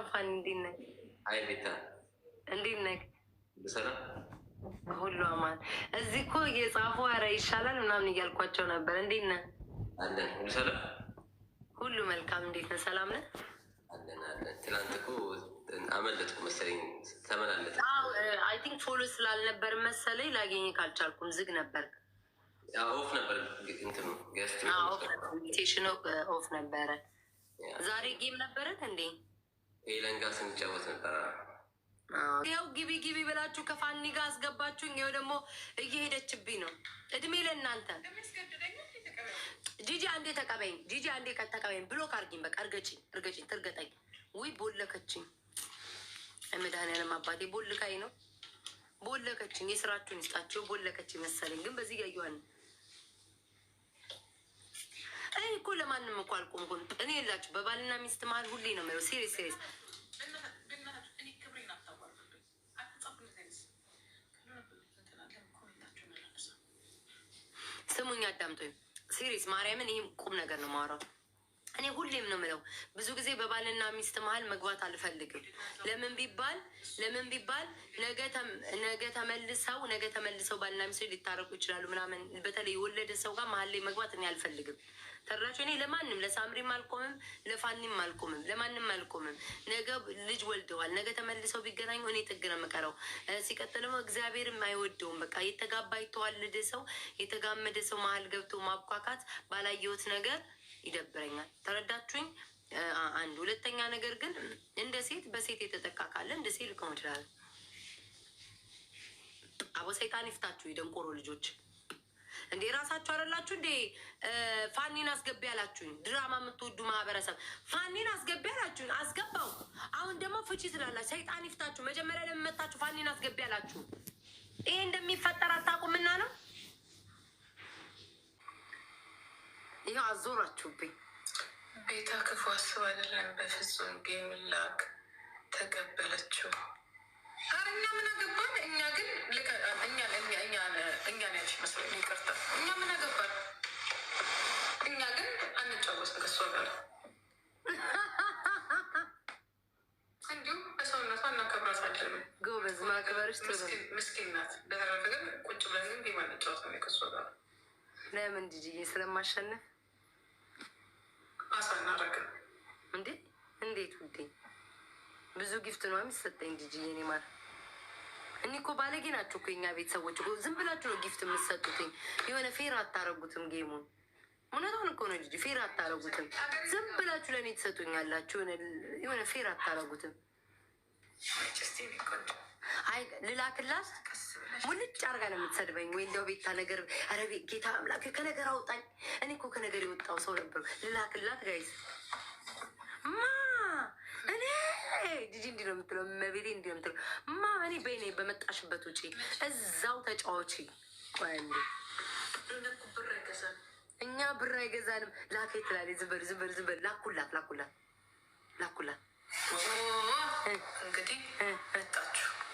ሰላም ፋን፣ እንዴት ነህ? አይ ቤታ፣ እንዴት ነህ? ሰላም ሁሉ አማን። እዚህ እኮ የጻፉ ኧረ ይሻላል ምናምን እያልኳቸው ነበር። እንዴት ነህ? አለን ሁሉ ሰላም፣ ሁሉ መልካም። እንዴት ነህ? ሰላም ነህ? አለን አለን። ትናንት እኮ አመለጥኩ መሰለኝ፣ ተመላለጥ አይ ቲንክ ፎሎ ስላልነበር መሰለኝ ላገኝ ካልቻልኩም ዝግ ነበር ኦፍ ነበር ኦፍ ነበረ። ዛሬ ጌም ነበረት እንዴ? ኤለን ጋር ስንጫወት ነበረ። ያው ግቢ ግቢ ብላችሁ ከፋኒ ጋር አስገባችሁኝ። ይኸው ደግሞ እየሄደችብኝ ነው። እድሜ ለእናንተ። ጂጂ አንዴ ተቀበይኝ፣ ጂጂ አንዴ ተቀበይኝ። ብሎክ አርጊኝ፣ በቃ እርገጭኝ፣ እርገጭኝ፣ ትርገጠኝ። ውይ ቦለከችኝ። መድኃኒዓለም አባቴ ቦልካይ ነው ቦለከችኝ። የስራችሁን ይስጣችሁ። ቦለከችኝ መሰለኝ ግን በዚህ ያየዋል እኮ ለማንም እኮ አልቆምኩም። እኔ የላችሁ በባልና ሚስት መሀል ሁሌ ነው የምለው። ሴሪየስ ሴሪየስ ስሙኝ፣ አዳምጦኝ ሴሪየስ ማርያምን፣ ይህም ቁም ነገር ነው የማወራው እኔ ሁሌም ነው ምለው፣ ብዙ ጊዜ በባልና ሚስት መሀል መግባት አልፈልግም። ለምን ቢባል ለምን ቢባል ነገ ተመልሰው ነገ ተመልሰው ባልና ሚስቶች ሊታረቁ ይችላሉ ምናምን። በተለይ የወለደ ሰው ጋር መሀል ላይ መግባት እኔ አልፈልግም። ተራቸው እኔ ለማንም ለሳምሪም አልቆምም፣ ለፋኒም አልቆምም፣ ለማንም አልቆምም። ነገ ልጅ ወልደዋል። ነገ ተመልሰው ቢገናኙ እኔ ጥግ ነው የምቀረው። ሲቀጥለው እግዚአብሔርም አይወደውም። በቃ የተጋባ የተዋለደ ሰው የተጋመደ ሰው መሀል ገብቶ ማብኳካት ባላየሁት ነገር ይደብረኛል። ተረዳችሁኝ? አንድ ሁለተኛ ነገር ግን እንደ ሴት በሴት የተጠቃ ካለ እንደ ሴት ልቆም ይችላል። አቦ ሰይጣን ይፍታችሁ የደንቆሮ ልጆች። እንዴ ራሳችሁ አደላችሁ እንዴ ፋኒን አስገቢ ያላችሁኝ ድራማ የምትወዱ ማህበረሰብ ፋኒን አስገቢ ያላችሁኝ አስገባው። አሁን ደግሞ ፍቺ ስላላችሁ ሰይጣን ይፍታችሁ። መጀመሪያ ለመመታችሁ ፋኒን አስገቢ ያላችሁ ይሄ እንደሚፈጠር አታውቁምና ነው ይኸው አዞራችሁብኝ። ቤታ ክፉ አስብ አይደለም፣ በፍጹም ቢምላክ ተቀበለችው። ኧረ እኛ ምን አገባን? እኛ ግን እኛን ያለች መስሎኝ ይቅርታ። እኛ ምን አገባን? እኛ ግን አንጫወስ ከሷ ጋር እንዲሁም በሰውነቷ እናከብራታለን። ጎበዝ ማክበርሽ ምስኪን ናት። በተረፈ ግን ቁጭ ብለን ግን ጌማ እንጫወት ነው ከሷ ጋር ለምን ጅጅዬ ስለማሸንፍ አሳናረግን እንዴ እንዴት ውዴ ብዙ ጊፍት ነው የሚሰጠኝ ልጅ የኔ ማር እኔ እኮ ባለጌ ናቸው እኮ የኛ ቤተሰቦች ዝም ብላችሁ ነው ጊፍት የምትሰጡትኝ የሆነ ፌር አታረጉትም ጌሙን እውነቱን እኮ ነው ልጅ ፌር አታረጉትም ዝም ብላችሁ ለእኔ ትሰጡኛላችሁ የሆነ ፌር አታረጉትም አይ ልላክላት ሙልጭ አርጋ ነው የምትሰድበኝ። ወይ እንደው ቤታ ነገር ኧረ ጌታ አምላክ ከነገር አውጣኝ። እኔ እኮ ከነገር የወጣው ሰው ነበሩ። ልላክላት ጋይዝ ማ እኔ ጂጂ እንዲህ ነው የምትለው፣ መቤቴ እንዲህ ነው የምትለው። ማ እኔ በኔ በመጣሽበት ውጪ እዛው ተጫዋች ወንዴ እኛ ብር አይገዛንም። ላክ ትላለች። ዝንበል ዝንበል ዝንበል ላኩላት ላኩላት ላኩላት እንግዲህ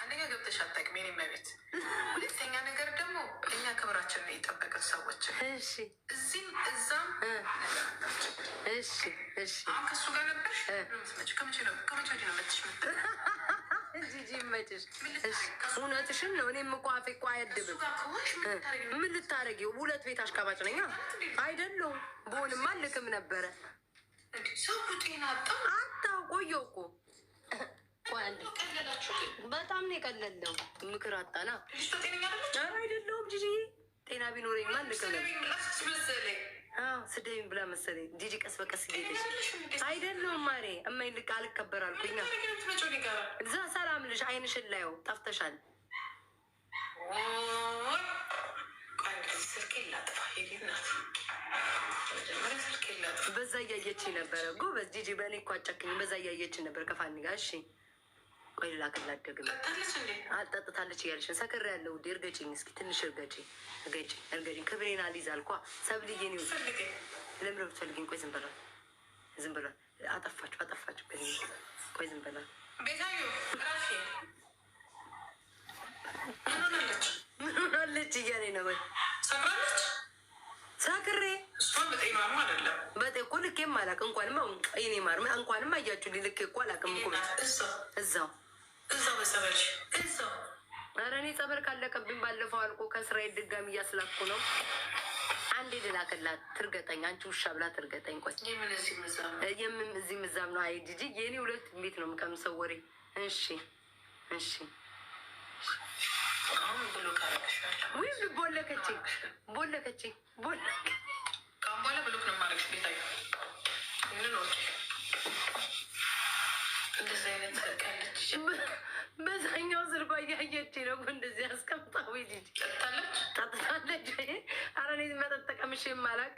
አንደኛ ገብተሽ አታውቂም የእኔ መቤት። ሁለተኛ ነገር ደግሞ እኛ ክብራችን ነው የጠበቅን ሰዎች እዚህም እዛም። አሁን ከሱ ጋር ነበርሽ ከመቼ ነው ከመቼ መጥሽ ይመችሽ። እውነትሽን ነው። እኔም እኮ አፌ እኮ አያድብም። ምን ልታረጊው? ሁለት ቤት አሽቃባጭ ነኝ አይደለሁም። በሆንማ ልክም ነበረ። ሰው ጤና አጣሁ። ቆየሁ እኮ በጣም ነው የቀለለው። ምክር አጣና አይደለሁም ጂጂ ጤና ቢኖረኝ ማን ስደኝ ብላ መሰለኝ ጂጂ ቀስ በቀስ ጌለች አይደለሁም ማሬ እማይ ልቅ አልከበር አልኩኝ። እዛ ሰላም ልሽ አይንሽን ላየው ጠፍተሻል። በዛ እያየች ነበረ ጎበዝ ጂጂ። በእኔ እኮ አጨክኝ። በዛ እያየች ነበር ከፋኒ ጋር እሺ ቆይ ልላክላት ደግመ አልጠጥታለች እያለች ነው። ሰክር ያለው ውዴ እርገጭኝ፣ እስኪ ትንሽ እርገጭኝ፣ እርገጭኝ፣ እርገጭኝ። ክብሬን አልይዝ አልኳ። ሰብልዬ ነው ለምረብ ትፈልግኝ። ቆይ ዝም በላት፣ ዝም በላት። አጠፋችሁ፣ አጠፋችሁ። ቆይ ዝም በላት። ቤታዩ ራሴ ምን ሆናለች እያኔ ነው ሰክራለች። ሰክሬ እኮ ልኬም አላውቅም። እንኳንማ ይኔ ማር እንኳንማ እያችሁ ልኬ እኮ አላውቅም እኮ እዛው እዛው በሰበልሽ እዛው። ኧረ እኔ ጸበል ካለቀብኝ ባለፈው አልቆ ከእስራኤል ድጋሚ እያስላኩ ነው። አንዴ ልላክላት ትርገጠኝ፣ አንቺ ውሻ ብላ ትርገጠኝ። ቆይ የምን እዚህ ምዛም ነው? አይ ጂጂ የኔ ሁለት ቤት ነው የምቀምሰው ወሬ። እሺ እሺ ወይ ቦለከችኝ፣ ቦለከችኝ፣ ቦለከ ካምባላ ብሎክ ነው ማረግሽ ቤታዩ ምን ነው በዛኛው ዝርባ እያየች ነው እንደዚህ አስቀምጣዊ ልጅ ጠጥታለች። ኧረ እኔ መጠጥ ተቀምሼ የማላቅ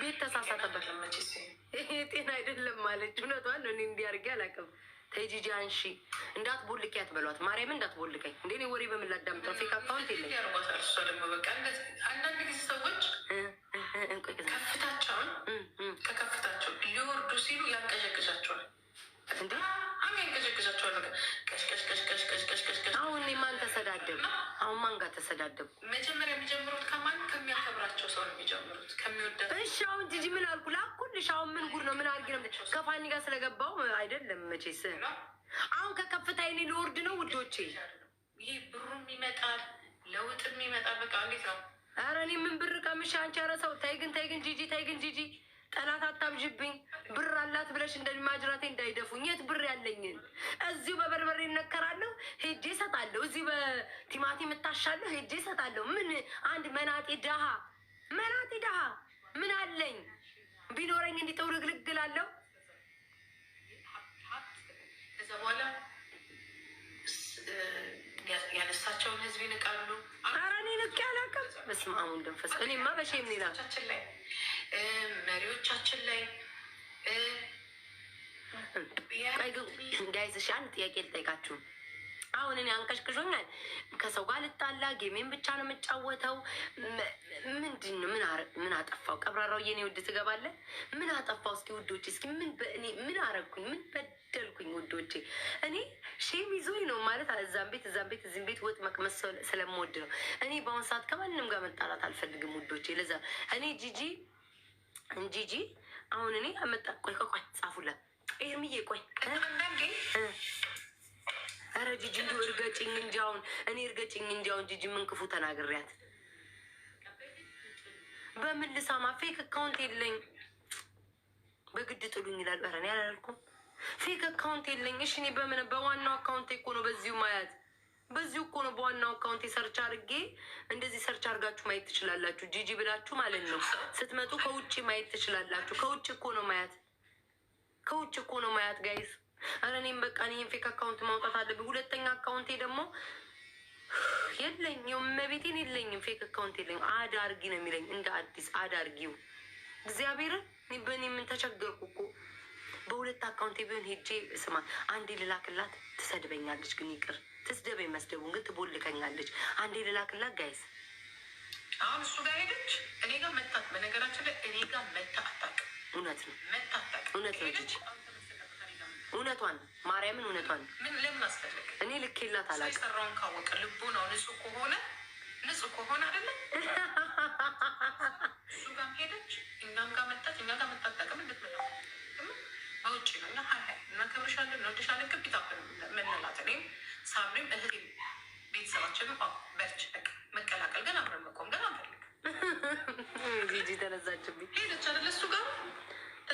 ቤት ተሳሳተበት። ይሄ ጤና አይደለም ማለች። እውነቷን ነው። እኔ እንዲህ አድርጌ አላውቅም። ተይ ጂጂ አንሺ እንዳትቦልቂያት በሏት። ማርያም እንዳትቦልቀኝ እንዴ! እኔ ወሬ በምን ላዳምጠው? ፌክ አካውንት የለኝ። አንዳንድ ጊዜ ሰዎች ከፍታቸውን ከከፍታቸው ሊወርዱ ሲሉ ያንቀዠቅዣቸዋል። አሁን ማን ተሰዳደብ? አሁን ማን ጋር ተሰዳደብ? መጀመሪያ የሚጀምሩት ከማን ከሚያከብራቸው ሰው ነው የሚጀምሩት። እሺ አሁን ጂጂ ምን አልኩ ላኩልሽ። አሁን ምን ጉድ ነው? ምን አድርጌ ነው? ከፋኒ ጋር ስለገባው አይደለም መቼስ። አሁን ከከፍታ የኔ ልወርድ ነው ውዶቼ። ይህ ብሩም ይመጣል ለውጥም ይመጣል። በቃ እንዴት ነው? እኔ ምን ብር ቀምሼ አንቺ። ኧረ ሰው ተይ ግን፣ ተይ ግን ጂጂ፣ ተይ ግን ጂጂ፣ ጠላት አታብዥብኝ ብለሽ እንደማጅራቴ እንዳይደፉኝ። የት ብር ያለኝን እዚሁ በበርበሬ እነከራለሁ፣ ሄጄ እሰጣለሁ። እዚሁ በቲማቲ የምታሻለሁ ሄጄ እሰጣለሁ። ምን አንድ መናጢ ድሃ መናጢ ድሃ ምን አለኝ ቢኖረኝ እንዲጠው ልግልግላለሁ። ከዛ በኋላ ያነሳቸውን ህዝብ ይንቃሉ። ኧረ እኔ ንቄ አላውቅም። በስመ አብ ወወልድ ወመንፈስ ቅዱስ እኔማ በሼም ሌላ መሪዎቻችን ላይ ጋይዝ እሺ፣ አንድ ጥያቄ ልጠይቃችሁ። አሁን እኔ አንቀሽቅሾኛል። ከሰው ጋር ልጣላ፣ ጌሜን ብቻ ነው የምጫወተው። ምንድን ነው ምን አጠፋው? ቀብራራው የኔ ውድ ትገባለ። ምን አጠፋው? እስኪ ውዶቼ፣ እስኪ ምን በእኔ ምን አረግኩኝ? ምን በደልኩኝ? ውዶቼ፣ እኔ ሼም ይዞኝ ነው ማለት እዛም ቤት እዛም ቤት እዚህም ቤት ወጥ መቅመስ ስለምወድ ነው። እኔ በአሁን ሰዓት ከማንም ጋር መጣላት አልፈልግም ውዶቼ። ለዛ እኔ ጂጂ ጂጂ አሁን እኔ መጣ ቆይ፣ ጻፉላት ኤርሚዬ ቆይ፣ ኧረ ጂጂ እንዲሁ እርገጭኝ እንጂ አሁን እኔ እርገጭኝ እንጂ አሁን ጂጂ ምን ክፉ ተናግሬያት? በምን ልሳማ? ፌክ አካውንት የለኝ በግድ ጥሉኝ ይላል። ኧረ እኔ አላልኩም። ፌክ አካውንት የለኝ። እሺ እኔ በምን በዋናው አካውንቴ እኮ ነው በዚሁ ማያት በዚሁ እኮ ነው በዋናው አካውንቴ ሰርች አድርጌ። እንደዚህ ሰርች አድርጋችሁ ማየት ትችላላችሁ። ጂጂ ብላችሁ ማለት ነው ስትመጡ ከውጭ ማየት ትችላላችሁ። ከውጭ እኮ ነው ማያት ከውጭ እኮ ነው ማያት ጋይዝ። አረ እኔም በቃ እኔም ፌክ አካውንት ማውጣት አለብኝ። ሁለተኛ አካውንቴ ደግሞ የለኝም፣ መቤቴን የለኝም፣ ፌክ አካውንት የለኝም። አዳርጊ ነው የሚለኝ እንደ አዲስ አዳርጊው። እግዚአብሔርን በእኔ ምን ተቸገርኩ እኮ በሁለት አካውንቴ ቢሆን ሄጄ ስማ፣ አንዴ ልላክላት ትሰድበኛለች፣ ግን ይቅር ትስደበኝ፣ መስደቡን ግን ትቦልከኛለች። አንዴ ልላክላት ጋይዝ። አሁን እሱ ጋር ሄደች፣ እኔ ጋር መታት። በነገራችን ላይ እኔ ጋር መታ አታውቅም እውነት ነው፣ እውነት ነው። ጂጂ እውነቷን ማርያምን እውነቷን እኔ ልኬላት አላውቅም። ካወቀ ልቡ ነው ንጹህ ከሆነ ንጹህ ከሆነ አይደለ እሱ ጋር ሄደች፣ እኛም ጋር መጣች፣ እኛ ጋር መታጠቅም እንድትመለ በውጭ ነው እና ሀይ እናከብርሻለን፣ እንወድሻለን ክቢታ ምንላት እኔም ሳምሪም እህቴ ቤተሰባችን በርች መቀላቀል ግን አብረን መቆም ግን አንፈልግም ጂጂ ተነሳችብኝ። ሄደች አይደለ እሱ ጋር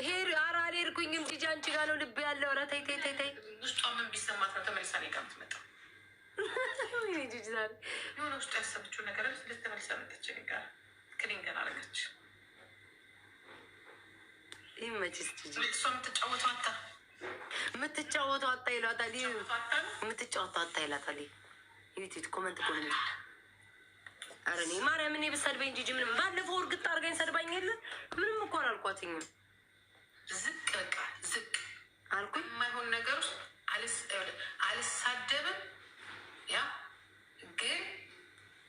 ሄድ ኧረ አልሄድኩኝም። ጂጂ አንቺ ጋር ነው ልብ ያለው። ኧረ ተይ ተይ ተይ ተይ። ውስጧ ምን ቢሰማት ነው ተመልሳ እኔ ጋር የምትመጣው? ጂጂ ዛሬ የሆነ ውስጡ ያሰበችው ነገር ልትመልሳ መጣች እኔ ጋር ክሊን ገና አደረገች። ይህ መቼስ ጂጂ እሷ የምትጫወተው አታ የምትጫወተው አታ ይሏታል። የምትጫወተው አታ ይሏታል። ዩቲዩብ ኮመንት ኮመንት ኧረ እኔ ማርያም እኔ ብሰድበኝ ጂጂ ምንም ባለፈው እርግጥ አድርገኝ ሰድባኝ የለ ምንም እኮ አላልኳትኝም። ዝቅ በቃ ዝቅ አልኩኝ። የማይሆን ነገር ውስጥ አልሳደብም፣ ያ ግን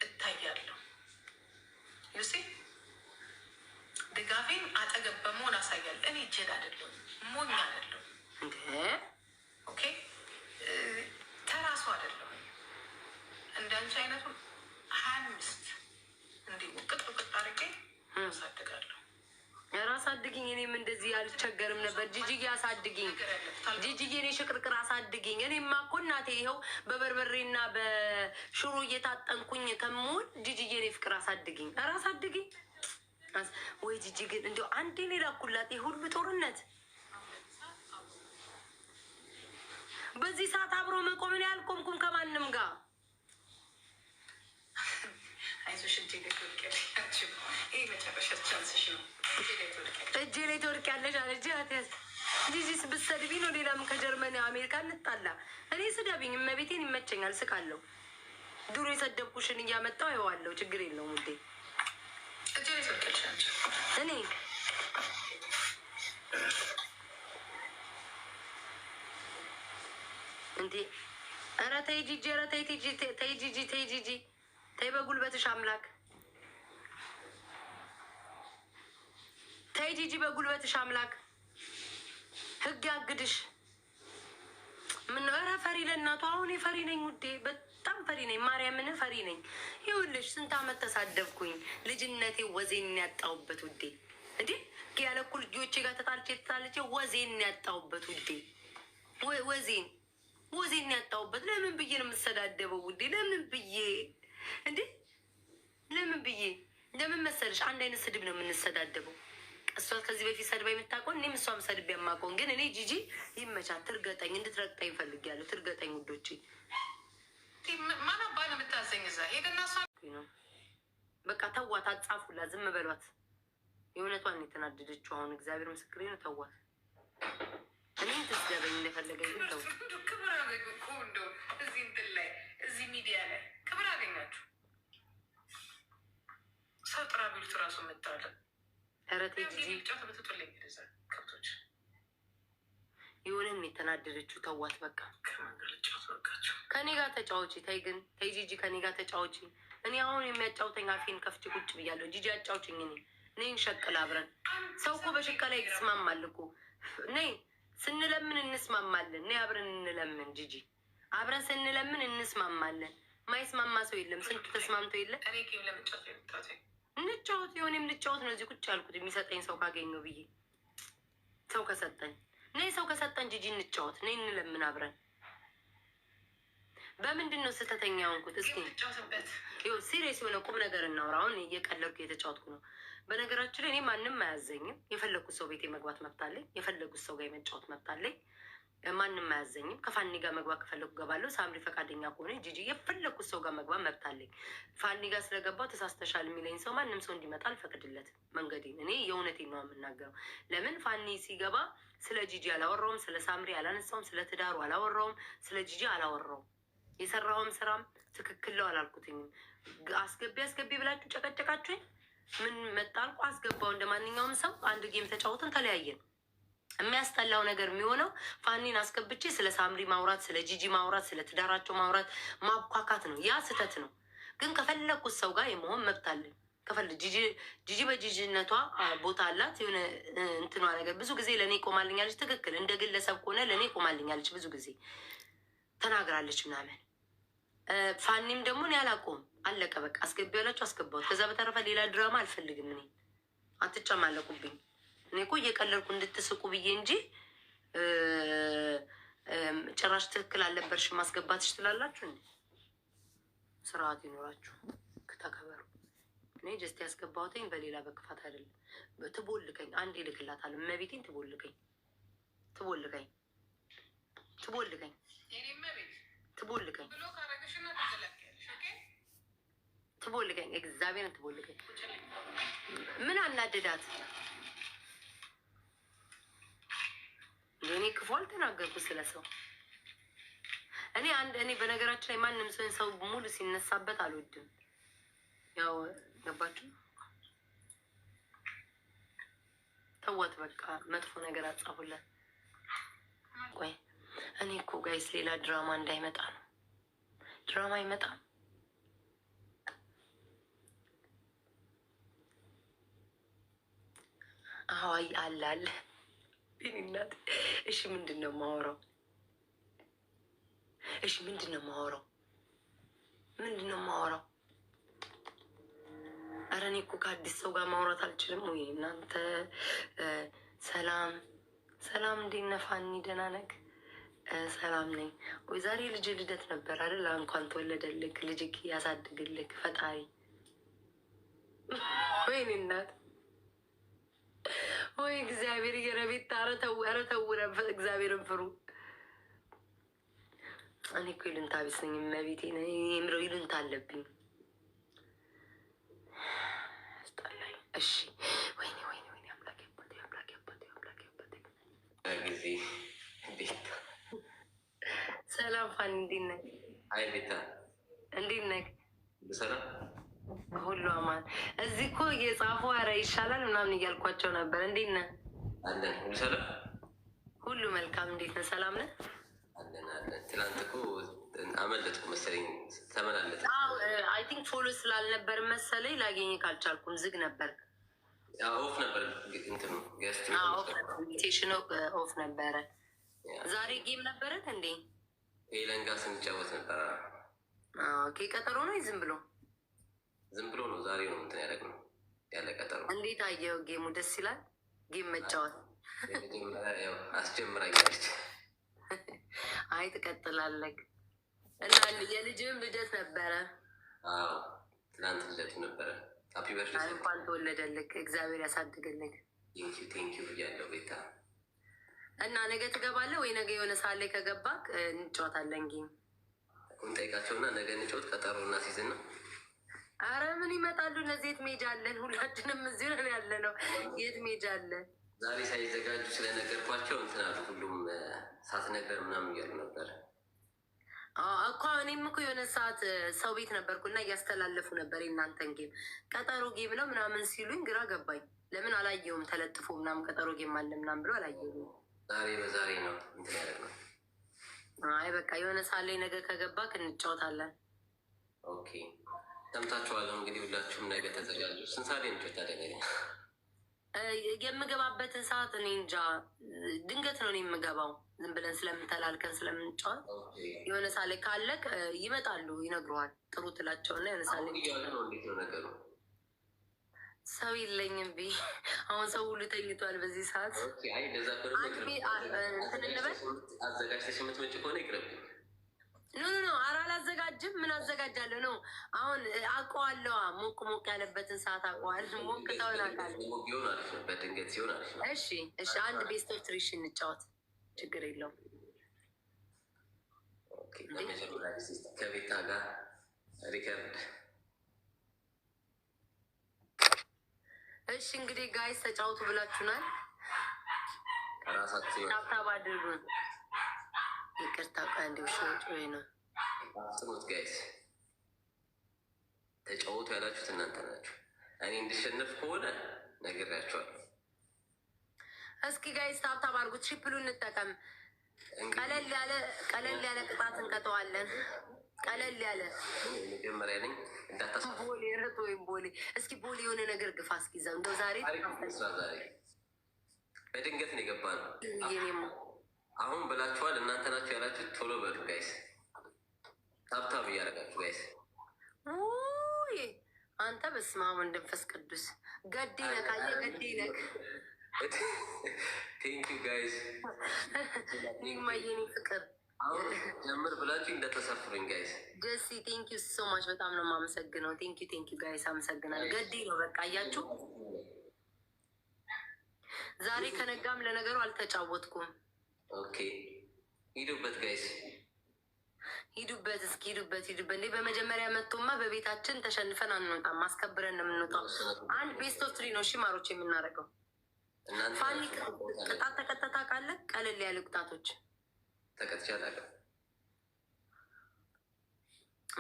እታያለሁ። ዩሲ ድጋፌን አጠገብ በመሆን አሳያለሁ። እኔ ጀድ አይደለሁም፣ ሞኝ አይደለሁም፣ ኦኬ ተራሱ አይደለሁም እንዳንቺ አይነቱ ሀያ አምስት አልቸገርም ነበር። ጂጂጌ አሳድጊኝ፣ ጂጂጌ እኔ ሽቅርቅር አሳድጊኝ። እኔማ እኮ እናቴ ይኸው በበርበሬና በሽሮ እየታጠንኩኝ ከምሆን ጂጂጌ እኔ ፍቅር አሳድጊኝ፣ ኧረ አሳድጊኝ። ወይ ጂጂ ግን እንዲ አንዴ እኔ ላኩላት የሁሉ ጦርነት በዚህ ሰዓት አብሮ መቆም እኔ አልቆምኩም ከማንም ጋር አይዞሽ፣ እንዴ ይሄ መጨረሻ ቻንስሽ ነው። እጄ ላይ ትወድቂያለሽ አለች። አትያዝ ጂጂስ ብትሰድቢ ነው። ሌላም ከጀርመን አሜሪካ እንጣላ። እኔ ስደብኝ እመቤቴን ይመቸኛል፣ ስቃለሁ። ድሮ የሰደብኩሽን እያመጣው ይዋለሁ። ችግር የለውም ውዴ። እኔ እንዴ ኧረ ተይ ጂጂ፣ ኧረ ተይ ጂጂ፣ ተይ ጂጂ፣ ተይ ጂጂ፣ ተይ በጉልበትሽ አምላክ ተይ ጂጂ፣ በጉልበትሽ አምላክ ህግ ያግድሽ። ምን ኧረ ፈሪ ለእናቱ። አሁን የፈሪ ነኝ ውዴ፣ በጣም ፈሪ ነኝ። ማርያምን ፈሪ ነኝ። ይኸውልሽ ስንት አመት ተሳደብኩኝ። ልጅነቴ ወዜን ያጣሁበት ውዴ። እንዴ ያለኩ ልጆቼ ጋር ተጣልቼ ተጣልቼ ወዜን ያጣሁበት ውዴ፣ ወዜን ወዜን ያጣሁበት። ለምን ብዬ ነው የምሰዳደበው ውዴ? ለምን ብዬ እንዴ? ለምን ብዬ ለምን መሰለሽ? አንድ አይነት ስድብ ነው የምንሰዳደበው እሷ ከዚህ በፊት ሰድባ የምታውቀውን እኔም እሷም ሰድቤ የማውቀውን ግን እኔ ጂጂ ይመቻት፣ ትርገጠኝ፣ እንድትረግጠኝ ፈልጊያለሁ። ትርገጠኝ ውዶች ማናባ የምታሰኝ የምታዘኝ እዛ ሄደና እሷ በቃ ተዋት፣ አጻፉላ፣ ዝም በሏት። የእውነቷን የተናደደችው አሁን እግዚአብሔር ምስክር ነው። ተዋት፣ እኔ ትስደበኝ እንደፈለገ ግን ተው። ክብር አገኙ እኮ እዚህ እንትን ላይ እዚህ ሚዲያ ላይ ክብር አገኛችሁ። ሰው ጥራ ቢሉት ራሱ መጣለን ተረቴ ይሁንም የተናደደችው ተዋት። በቃ ከኔ ጋር ተጫወቺ ተይ፣ ግን ተይ ጂጂ፣ ከኔ ጋር ተጫወቺ። እኔ አሁን የሚያጫውተኝ አፌን ከፍቼ ቁጭ ብያለሁ። ጂጂ አጫውችኝ፣ እኔ እኔ እንሸቅል አብረን። ሰው እኮ በሸቀላ ላይ ይስማማል እኮ ነይ፣ ስንለምን እንስማማለን። ነይ አብረን እንለምን ጂጂ፣ አብረን ስንለምን እንስማማለን። ማይስማማ ሰው የለም። ስንቱ ተስማምቶ የለም። እንጫወት የሆነ የምንጫወት ነው። እዚህ ቁጭ ያልኩት የሚሰጠኝ ሰው ካገኘ ብዬ ሰው ከሰጠኝ ነይ፣ ሰው ከሰጠን ጂጂ እንጫወት ነይ፣ እንለምን አብረን። በምንድን ነው ስህተተኛ ሆንኩት? እስኪ ሲሪየስ የሆነ ቁም ነገር እናውራ። አሁን እየቀለድኩ የተጫወትኩ ነው። በነገራችን ላይ እኔ ማንም አያዘኝም። የፈለግኩት ሰው ቤቴ መግባት መብታለኝ የፈለጉት ሰው ጋር የመጫወት መብታለኝ ማንም አያዘኝም። ከፋኒ ጋር መግባት ከፈለኩ ገባለሁ። ሳምሪ ፈቃደኛ ከሆነ ጂጂ የፈለኩ ሰው ጋር መግባት መብታለኝ። ፋኒ ጋር ስለገባው ተሳስተሻል የሚለኝ ሰው ማንም ሰው እንዲመጣ አልፈቅድለት መንገዴን እኔ የእውነቴ ነው የምናገረው። ለምን ፋኒ ሲገባ ስለ ጂጂ አላወራውም፣ ስለ ሳምሪ አላነሳውም፣ ስለ ትዳሩ አላወራውም፣ ስለ ጂጂ አላወራውም። የሰራውም ስራም ትክክል ነው አላልኩትኝም። አስገቢ አስገቢ ብላችሁ ጨቀጨቃችሁኝ። ምን መጣልኩ? አስገባው እንደ ማንኛውም ሰው አንድ ጌም ተጫውተን ተለያየን። የሚያስጠላው ነገር የሚሆነው ፋኒን አስገብቼ ስለ ሳምሪ ማውራት፣ ስለ ጂጂ ማውራት፣ ስለ ትዳራቸው ማውራት ማኳካት ነው። ያ ስህተት ነው። ግን ከፈለግኩት ሰው ጋር የመሆን መብት ከፈለ ጂጂ በጂጂነቷ ቦታ አላት። የሆነ እንትኗ ነገር ብዙ ጊዜ ለእኔ ቆማልኛለች። ትክክል እንደ ግለሰብ ከሆነ ለእኔ ቆማልኛለች። ብዙ ጊዜ ተናግራለች ምናምን። ፋኒም ደግሞ እኔ አላቆም አለቀ። በቃ አስገቢ ያላቸው አስገባት ከዛ በተረፈ ሌላ ድራማ አልፈልግም። እኔ አትጨማለቁብኝ። እኔ እኮ እየቀለልኩ እንድትስቁ ብዬ እንጂ ጭራሽ ትክክል አልነበርሽ ማስገባትሽ ትላላችሁ እንዴ? ስርዓት ይኖራችሁ ክተከበሩ እኔ ጀስት ያስገባሁትኝ በሌላ በክፋት አይደለም። ትቦልቀኝ አንድ እልክላታለሁ። እመቤቴን ትቦልቀኝ ትቦልቀኝ ትቦልቀኝ ትቦልቀኝ ትቦልቀኝ እግዚአብሔርን ትቦልቀኝ። ምን አናደዳት? እኔ ክፉ አልተናገርኩ ስለ ሰው። እኔ አንድ እኔ በነገራችን ላይ ማንም ሰው ሰው ሙሉ ሲነሳበት አልወድም። ያው ገባችሁ። ተዋት በቃ መጥፎ ነገር አጻፉላት። ቆይ እኔ እኮ ጋይስ ሌላ ድራማ እንዳይመጣ ነው። ድራማ አይመጣም። አዋይ አለ የኔ እናት እሺ፣ ምንድን ነው የማወራው? እሺ፣ ምንድን ነው የማወራው? ምንድን ነው የማወራው? ኧረ እኔ እኮ ከአዲስ ሰው ጋር ማውራት አልችልም ወይ እናንተ። ሰላም ሰላም፣ እንዴት ነህ ፋኒ? ደህና ነህ? ሰላም ነኝ ወይ? ዛሬ ልጅ ልደት ነበር አይደል? እንኳን ተወለደልክ። ልጅ ያሳድግልክ ፈጣሪ። ወይኔ እናት ወይ እግዚአብሔር የረቤት ኧረ ተው ኧረ ተው እግዚአብሔርን ፍሩ። እኔ እኮ ይሉንታ ቢስ ነኝ። መቤቴ የምለው ይሉንታ አለብኝ። ስጣላይ እሺ። ወይኔ ወይኔ ወይኔ አምላክ ያባት አምላክ ያባት አምላክ ያባት ጊዜ ቤታ ሰላም ፋን እንዴት ነህ? አይ ቤታ እንዴት ነህ? ሰላም ሁሉ አማን። እዚህ እኮ የጻፉ አረ ይሻላል ምናምን እያልኳቸው ነበር። እንዴት ነህ? አለን ሁሉ ሰላም፣ ሁሉ መልካም። እንዴት ነህ? ሰላም ነህ? አለን አለን። ትናንት እኮ አመለጥኩ መሰለኝ ተመላለጥ። አይ ቲንክ ፎሎ ስላልነበር መሰለኝ ላገኘ ካልቻልኩም ዝግ ነበር፣ ኦፍ ነበር፣ እንትን ኢንቪቴሽን ኦፍ ነበረ። ዛሬ ጌም ነበረ እንዴ? ኤለን ጋር ስንጫወት ነበረ። ቀጠሮ ነው ዝም ብሎ ዝም ብሎ ነው። ዛሬ ነው እንትን ያደረግ ነው ያለ ቀጠሮ። እንዴት አየው? ጌሙ ደስ ይላል። ጌም መጫወት አስጀምራኛለች። አይ ትቀጥላለህ። እና የልጅም ልደት ነበረ። አዎ ትናንት ልደቱ ነበረ። ሀፒ በርዝዴይ እንኳን ተወለደልህ። እግዚአብሔር ያሳድግልህ። ቴንኪው ቴንኪው ብያለሁ ቤታ። እና ነገ ትገባለህ ወይ? ነገ የሆነ ሰዓት ላይ ከገባህ እንጫወታለን ጌም። እንጠይቃቸውና ነገ እንጫወት ቀጠሮ እና ሲዝን ነው አረ ምን ይመጣሉ? እነዚህ የት ሜጃለን? ሁላችንም እዚህ ነን ያለ ነው። የት ሜጃለን? ዛሬ ሳይዘጋጁ ስለነገርኳቸው እንትናሉ ሁሉም ሳትነገር ምናምን እያሉ ነበር እኮ እኔም እኮ የሆነ ሰዓት ሰው ቤት ነበርኩ እና እያስተላለፉ ነበር የእናንተን ጌም ቀጠሮ ጌም ነው ምናምን ሲሉኝ ግራ ገባኝ። ለምን አላየውም ተለጥፎ ምናምን ቀጠሮ ጌም አለ ምናምን ብሎ አላየውም። ዛሬ በዛሬ ነው እንትን ያደርግ አይ በቃ የሆነ ሰዓት ላይ ነገር ከገባ እንጫወታለን። ኦኬ ሰምታችኋል እንግዲህ ሁላችሁም ነገ ተዘጋጁ። ስንት ሰዓት ነው ታዲያ? የምገባበት ሰዓት እኔ እንጃ፣ ድንገት ነው የምገባው። ዝም ብለን ስለምንተላልከን ስለምንጫወት የሆነ ሰዓት ካለቅ ይመጣሉ፣ ይነግረዋል። ጥሩ ትላቸውና የሆነ ሰዓት ላይ ሰው የለኝም ቢ አሁን ሰው ሁሉ ተኝቷል። በዚህ ሰዓት አዘጋጅተሽ የምትመጪ ከሆነ ይቅረብኝ ኖ ኖ ኖ፣ ኧረ አላዘጋጅም። ምን አዘጋጃለሁ ነው አሁን አውቀዋለሁ። ሞቅ ሞቅ ያለበትን ሰዓት አውቀዋለሁ። ሞቅ ተውላቃለሁ። እሺ እሺ፣ አንድ ቤስት ኦፍ ትሪሽ እንጫወት፣ ችግር የለውም። ከቤታ ጋር ሪከርድ እሺ እንግዲህ ጋይስ ተጫውቱ ብላችሁናል። ራሳችሁ ታብታብ አድርጉን። ይቅርታ ውሽጭ ወይ ነው ስሙት ጋይስ። ተጫወቱ ያላችሁት እናንተ ናችሁ። እኔ እንድሸነፍ ከሆነ ነግሬያቸዋለሁ። እስኪ ጋይስ ታብታብ አድርጉት። ትሪፕሉ እንጠቀም። ቀለል ያለ ቀለል ያለ ቅጣት እንቀጠዋለን። ቀለል ያለ መጀመሪያ ነኝ እንዳታስ ቦሌ ረት ወይም ቦሌ እስኪ ቦሌ የሆነ ነገር ግፋ እስኪ እዛ እንደው ዛሬ በድንገት ነው የገባ ነው አሁን ብላችኋል። እናንተ ናችሁ ያላችሁ። ቶሎ በሉ ጋይስ፣ ታብታብ እያደረጋችሁ ጋይስ። አንተ በስመ አብ ወመንፈስ ቅዱስ ገዴ ነህ ገዴ ነህ። ቴንኪው ጋይስ። ይግማየን ፍቅር አሁን ጀምር ብላችሁ እንደተሰፍሩኝ ጋይስ። ደስ ቴንኪው ሶ ማች በጣም ነው የማመሰግነው። ቴንኪው ቴንኪው ጋይስ አመሰግናል ገዴ ነው በቃ እያችሁ ዛሬ ከነጋም ለነገሩ አልተጫወትኩም ኦኬ ሂዱበት ጋይስ ሂዱበት እስኪ ሂዱበት ሂዱበት። እንዴ በመጀመሪያ መቶማ በቤታችን ተሸንፈን አንወጣም፣ አስከብረን ነው የምንወጣው። አንድ ቤስት ኦፍ ትሪ ነው እሺ ማሮች የምናደርገው። ፋኒ ቅጣት ተቀጥታ ካለ ቀለል ያሉ ቅጣቶች ተቀጥቻለሁ።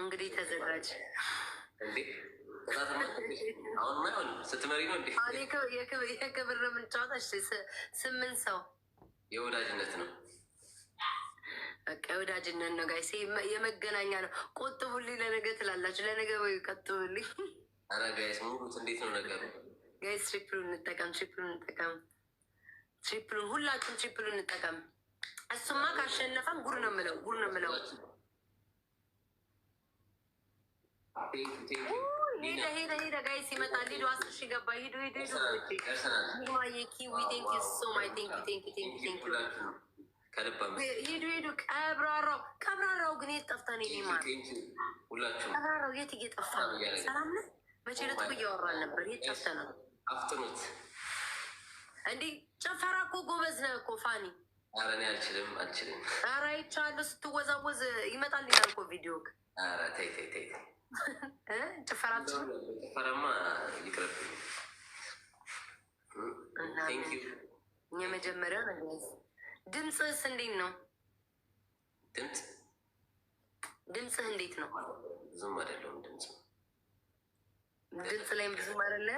እንግዲህ ተዘጋጅ። አሁን ስትመሪ ነው የክብር ምንጫወታ ስምንት ሰው የወዳጅነት ነው። በቃ የወዳጅነት ነው። ጋይ የመገናኛ ነው። ቆጥቡልኝ ለነገ ትላላችሁ። ለነገ ወይ ቆጥቡልኝ። ኧረ ጋይስ ሙሉት። እንዴት ነው ነገሩ ጋይስ? ትሪፕሉ እንጠቀም፣ ትሪፕሉ እንጠቀም፣ ትሪፕሉ ሁላችሁም ትሪፕሉ እንጠቀም። እሱማ ካሸነፈን ጉር ነው ምለው፣ ጉር ነው የምለው። ሄደ ሄደ ሄደ ጋይስ ይመጣል። ሄዱ አስር ሺህ ገባ። ሄዱ ሄዱ ሄዱ ኪዊ ቴንክ ዩ ሶ ማይ ቴንክ ዩ ቴንክ ዩ ቴንክ ዩ ቴንክ ዩ ሄዱ ሄዱ ቀብራራው ቀብራራው ግን የት ጠፍታ ነው? ይማ ቀብራራው የት እየጠፋ ነው? ሰላም ነህ? መቼ ዕለት እኮ እያወራን ነበር። የት ጠፍተ ነው? አፍጥኑት እንዴ! ጭፈራ እኮ ጎበዝ ነህ እኮ ፋኒ። ኧረ እኔ አልችልም አልችልም። ኧረ ይቻለሁ ስትወዛወዝ ይመጣል ይላል እኮ ቪዲዮ። ኧረ ተይ ተይ ተይ ጭፈራማ ይቅረብ። የመጀመሪያው ድምፅህስ እንዴት ነው? ድምፅ ድምፅህ እንዴት ነው? ብዙም አይደለሁም። ድምፅ ድምፅ ላይም ብዙም አይደለ።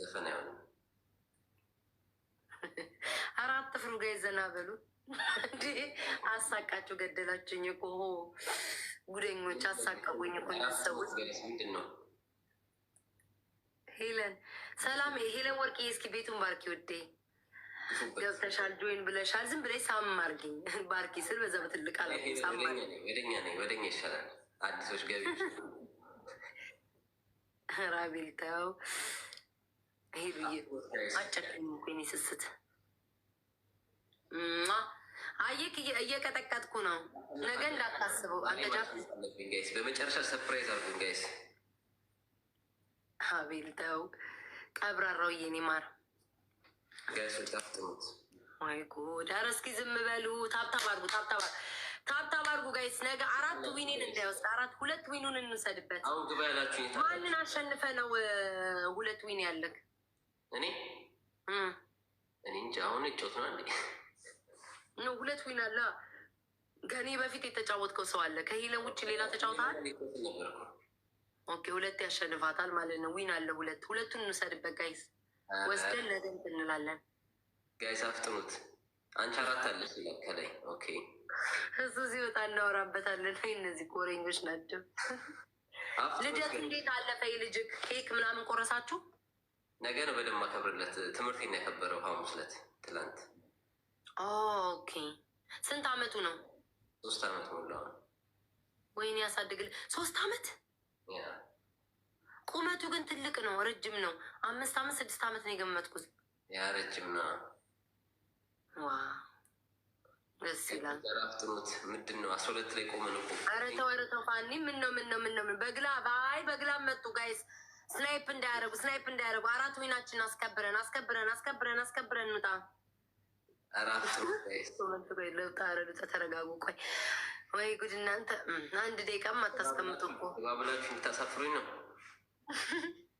ዘፈን አይሆንም። አራት ፍሩ ጋር ዘና በሉ። አሳቃቸው ገደላችኝ እኮ ጉደኞች አሳቀቡኝ እኮ ሰዎች። ሄለን ሰላም፣ ሄለን ወርቅ እስኪ ቤቱን ባርኪ ወዴ ገብተሻል፣ ጆይን ብለሻል። ዝም ብለሽ ሳም አድርጊኝ ባርኪ ስል በዛ በትልቅ አለ ሳም ወደኛ ወደኛ ይሻላል። አዲሶች ገቢ ራቤል ተው ሄዱዬ፣ አጨቅኝ እኮ የኔ ስስት አየክ እየቀጠቀጥኩ ነው። ነገ እንዳታስበው አንተ ጃ በመጨረሻ ሰርፕራይዝ አድርጉኝ ጋይስ። አቤል ተው ቀብራራው የኔ ማር ጋይስ ወጣፍትሙት ወይ ጉድ! ኧረ እስኪ ዝም በሉ። ታብታብ አድርጉ፣ ታብታብ ታብታብ አድርጉ ጋይስ። ነገ አራት ዊኔን እንዳይወስድ አራት ሁለት ዊኑን እንውሰድበት። አሁን ግባ ያላችሁ ማንን አሸንፈ ነው ሁለት ዊን ያለክ? እኔ እኔ እንጃ አሁን እጮት ነው አንዴ ነው ሁለት ዊን አለ። ከኔ በፊት የተጫወትከው ሰው አለ። ከሄ ውጭ ሌላ ተጫውተሃል። ኦኬ፣ ሁለት ያሸንፋታል ማለት ነው። ዊን አለ ሁለት። ሁለቱን እንውሰድበት ጋይስ፣ ወስደን ነገር እንላለን ጋይስ። አፍጥኑት። አንቺ አራት አለሽ ከላይ። ኦኬ፣ እሱ ሲወጣ እናወራበታለን። እነዚህ ኮሬኞች ናቸው። ልደት እንዴት አለፈ? ልጅክ ኬክ ምናምን ቆረሳችሁ? ነገር ነው በደንብ አከብርለት። ትምህርት ነው ያከበረው ሐሙስ ዕለት ትላንት ኦኬ። ስንት አመቱ ነው? ሶስት አመት ሞላ። ወይኔ ያሳድግል። ሶስት አመት ቁመቱ ግን ትልቅ ነው፣ ረጅም ነው። አምስት አመት ስድስት አመት ነው የገመትኩት። ያ ረጅም ነው። ዋ ደስ ይላል። ራፍትኖት ምንድን ነው? አስራ ሁለት ላይ ቆመን እኮ። ኧረ ተው ኧረ ተው ፋኒ፣ ምን ነው ምን ነው ምን ነው? በግላ አይ በግላ መጡ ጋይስ። ስናይፕ እንዳያረጉ ስናይፕ እንዳያረጉ። አራት ዊናችን አስከብረን አስከብረን አስከብረን አስከብረን እንውጣ። ተረጋጉ። ቆይ ወይ ጉድ እናንተ አንድ ደቂቃም አታስቀምጡ እኮ ብላችሁ ነው።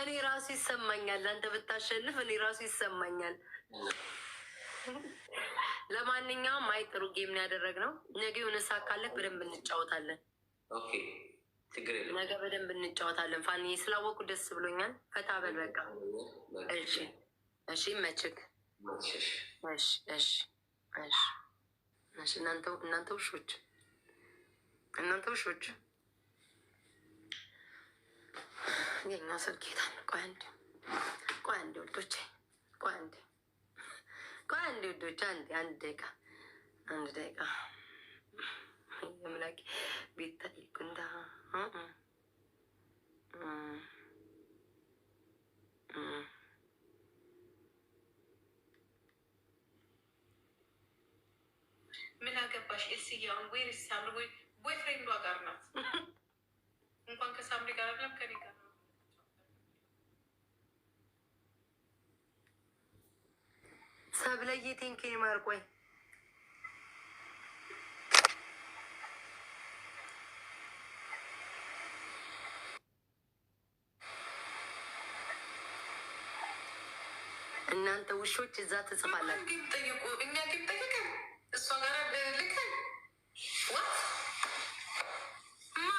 እኔ ራሱ ይሰማኛል። አንተ ብታሸንፍ እኔ ራሱ ይሰማኛል። ለማንኛውም አይ ጌም ነው ያደረግነው። ነገ የሆነ ካለ በደንብ እንጫወታለን። ኦኬ ችግር የለም። ነገ በደንብ እንጫወታለን። ስላወቁ ደስ ብሎኛል። ፈታ በል በቃ። እሺ እሺ፣ መችግ እናንተ ውሾች እናንተ ውሾች የኛ ስልክ የታለ? ቆይ አንዴ ቆይ አንዴ ውዶቼ ቆይ አንዴ ቆይ አንዴ ውዶቼ አንዴ አንድ ደቂቃ አንድ ደቂቃ የምላቂ ቤታ ይኩንዳ ምን አገባሽ እስያውን ወይ ሳምሪ ወይ ቦይፍሬንዷ ጋር ናት። እንኳን ከሳምሪ ጋር አይደለም ከኔ ጋር ሰብለዬ ቴንኪ ማርቆይ እናንተ ውሾች እዛ ትጽፋላችሁ። እሷ ጋር ልከን ዋት ማ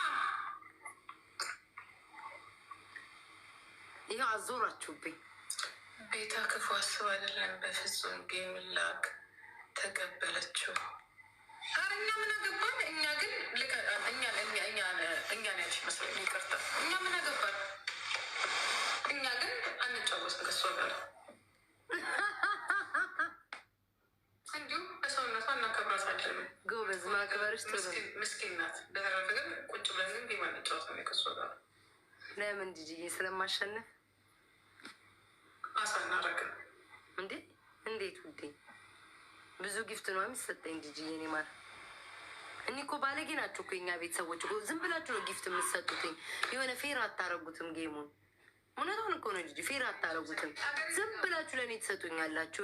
አዞራችሁብኝ። ቤታ ክፉ አስብ አይደለም በፍጹም ጌም ላክ ተቀበለችው። ኧረ እኛ ምን አገባን? እኛ ግን እኛ ነች መስሎኝ ይቅርታ። እኛ ምን አገባን? እኛ ግን አንጫወትም ከእሷ ጋር ጎበዝ ማክበርሽ ጥሩ ነው። ምስኪን ናት። በተረፈ ግን ቁጭ ብለን ግን ጌም አንጫወትም ከእሷ ጋር። ለምን ጂጂዬ? ስለማሸንፍ አሳ እናደርግም እንዴ? እንዴት ውዴ? ብዙ ጊፍት ነው የሚሰጠኝ ጂጂዬ። እኔ ማለት እኔ እኮ ባለጌ ናቸው እኮ የኛ ቤተሰቦች። ዝም ብላችሁ ነው ጊፍት የምትሰጡትኝ። የሆነ ፌር አታረጉትም ጌሙን። እውነቱን እኮ ነው ጂጂ፣ ፌር አታረጉትም። ዝም ብላችሁ ለእኔ ትሰጡኛላችሁ።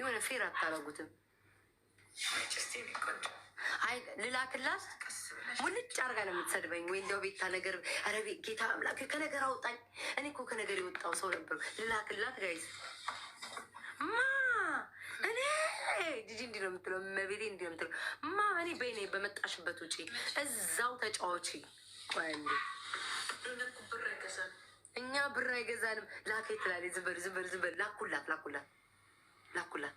የሆነ ፌር አታረጉትም። አይ ልላክላት ሙልጭ አርጋ ነው የምትሰድበኝ። ወይ እንዲያው ቤታ ነገር ኧረ ጌታ አምላክ ከነገር አውጣኝ። እኔ እኮ ከነገር የወጣው ሰው ነበሩ። ልላክላት ጋይዝ ማ እኔ ጂጂ እንዲህ ነው የምትለው፣ መቤቴ እንዲህ ነው የምትለው። ማ እኔ በይኔ በመጣሽበት ውጪ እዛው ተጫዋች ቆያሉ እኛ ብር አይገዛንም። ላከ ትላለች። ዝም በል ዝም ላኩላት ላኩላት ላኩላት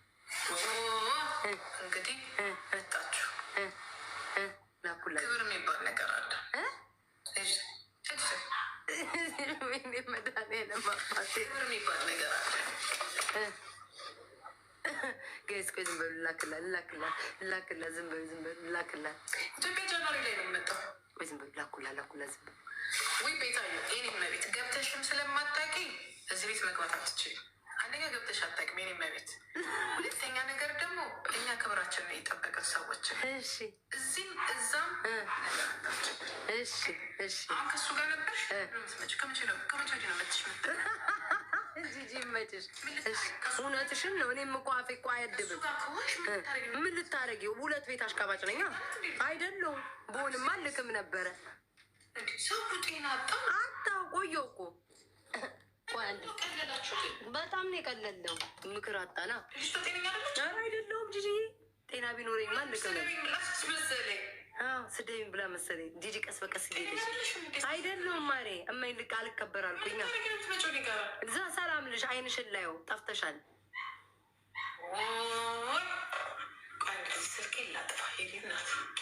እንግዲህ መጣችሁ። ክብር የሚባል ነገር አለ። ክብር የሚባል ነገር አለ። ጋይስ ቆይ ዝም በሉ፣ ላክላል ላክላል ላክላል፣ ዝም በሉ ዝም በሉ ላክላል። ኢትዮጵያ ጃንዋሪ ላይ ነው የምመጣው። ቆይ ዝም በሉ ላኩላ ላኩላ፣ ዝም በሉ ወይ ቤታ። ይህኔ ቤት ገብተሽም ስለማታውቂ እዚህ ቤት መግባት አትችይም። ነው የጠበቅን ሰዎች። እሺ፣ እዚህም እዛም እሺ፣ እሺ። አሁን ከሱ ጋር ነበርሽ ከመቼ ነው ከመቼ ወዲህ ነው መጥሽ እውነትሽን ነው። እኔም እኮ አፌ እኮ አያድብም። ምን ልታረጊ? ሁለት ቤት አሽቃባጭ ነኝ አይደለሁም። በሆንም አልክም ነበረ። አታ ቆየ እኮ በጣም ነው የቀለለው። ምክር አጣና አይደለሁም ጂጂ ጤና ቢኖረኝ ማ ስደቢኝ ብላ መሰለኝ። ጂጂ ቀስ በቀስ ጌለች አይደለም ማሬ እማይ ልቅ አልከበር አልኩኝ። እዛ ሰላም ልሽ አይንሽን ላየው ጠፍተሻል። ስልክ ላጥፋ ሄድናት